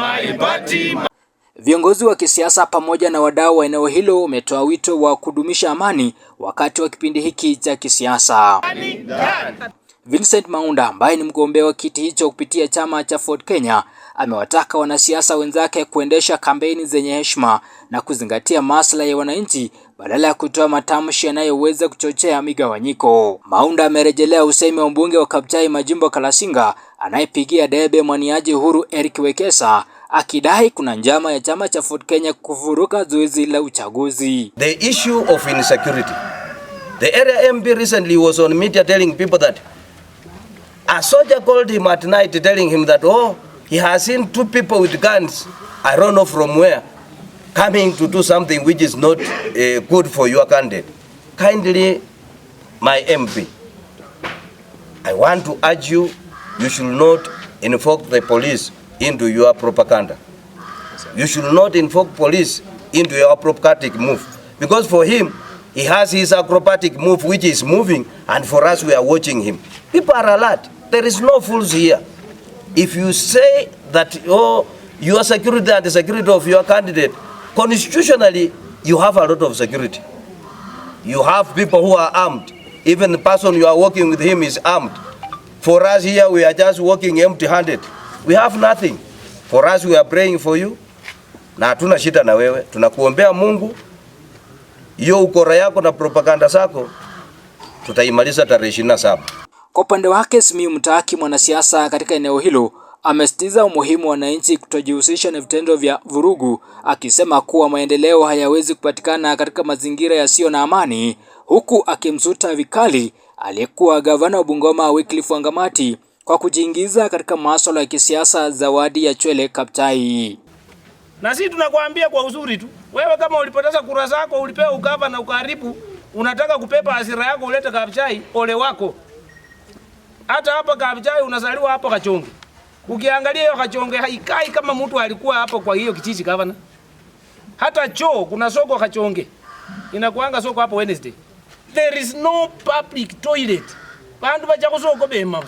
maipati. Viongozi wa kisiasa pamoja na wadau wa eneo hilo wametoa wito wa kudumisha amani wakati wa kipindi hiki cha kisiasa. Vincent Maunda ambaye ni mgombea wa kiti hicho kupitia chama cha Ford Kenya amewataka wanasiasa wenzake kuendesha kampeni zenye heshima na kuzingatia maslahi ya wananchi badala ya kutoa matamshi yanayoweza kuchochea migawanyiko. Maunda amerejelea usemi wa mbunge wa Kabuchai Majimbo Kalasinga anayepigia debe mwaniaji huru Eric Wekesa akidai kuna njama ya chama cha Ford Kenya kuvuruka zoezi la uchaguzi. The issue of insecurity. The area MP recently was on media telling people that A soldier called him at night telling him that, oh, he has seen two people with guns, I don't know from where, coming to do something which is not uh, good for your candidate. Kindly, my MP, I want to urge you, you should not invoke the police into your propaganda. You should not invoke police into your acrobatic move. Because for him, he has his acrobatic move which is moving, and for us, we are watching him. People are alert there is no fools here. If you say that oh, your security and the security of your candidate, constitutionally, you have a lot of security. You have people who are armed. Even the person you are working with him is armed. For us here, we are just walking empty-handed. We have nothing. For us, we are praying for you. Na hatuna shida na wewe. Tunakuombea Mungu. Hiyo ukora yako na propaganda zako tutaimaliza tarehe 27. Kwa upande wake, Simiyu mtaki mwanasiasa katika eneo hilo, amesitiza umuhimu wa wananchi kutojihusisha na vitendo vya vurugu, akisema kuwa maendeleo hayawezi kupatikana katika mazingira yasiyo na amani, huku akimsuta vikali aliyekuwa gavana wa Bungoma Wycliffe Wangamati kwa kujiingiza katika masuala ya kisiasa za wadi ya Chwele Kapchai. Na sisi tunakwambia kwa uzuri tu, wewe kama ulipoteza kura zako ulipewa ugavana ukaribu unataka kupepa hasira yako ulete Kapchai, ole wako. Hata hapa Kavichai unazaliwa hapo Kachonge. Ukiangalia hiyo Kachonge haikai kama mtu alikuwa hapo kwa hiyo kijiji gavana. Hata choo kuna soko Kachonge. Inakuanga soko hapo Wednesday. There is no public toilet. Bandu baje kusoko bema.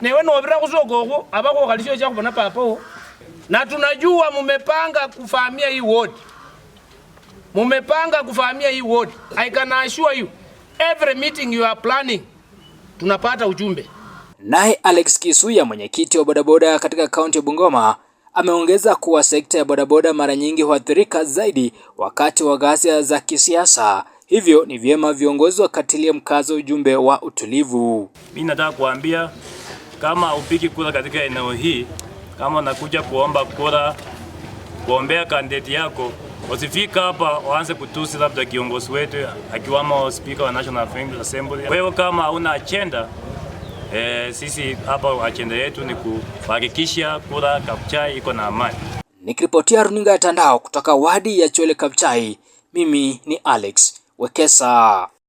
Ne wewe nobira kusoko go abako kalisho cha kubona papo. Na tunajua mumepanga kufahamia hii ward. Mumepanga kufahamia hii ward. I can assure you every meeting you are planning tunapata ujumbe. Naye Alex Kisuya, mwenyekiti wa bodaboda katika kaunti ya Bungoma, ameongeza kuwa sekta ya bodaboda mara nyingi huathirika zaidi wakati wa ghasia za kisiasa, hivyo ni vyema viongozi wakatilia mkazo ujumbe wa utulivu. Mimi nataka kuambia kama upiki kura katika eneo hii, kama unakuja kuomba kura kuombea kandidati yako wasifika hapa waanze kutusi labda kiongozi wetu akiwamo spika wa National Assembly. Kwa hiyo kama hauna agenda eh, sisi hapa agenda yetu ni kuhakikisha kura Kabuchai iko na amani. Nikiripotia runinga ya Tandao kutoka wadi ya Chwele Kabuchai, mimi ni Alex Wekesa.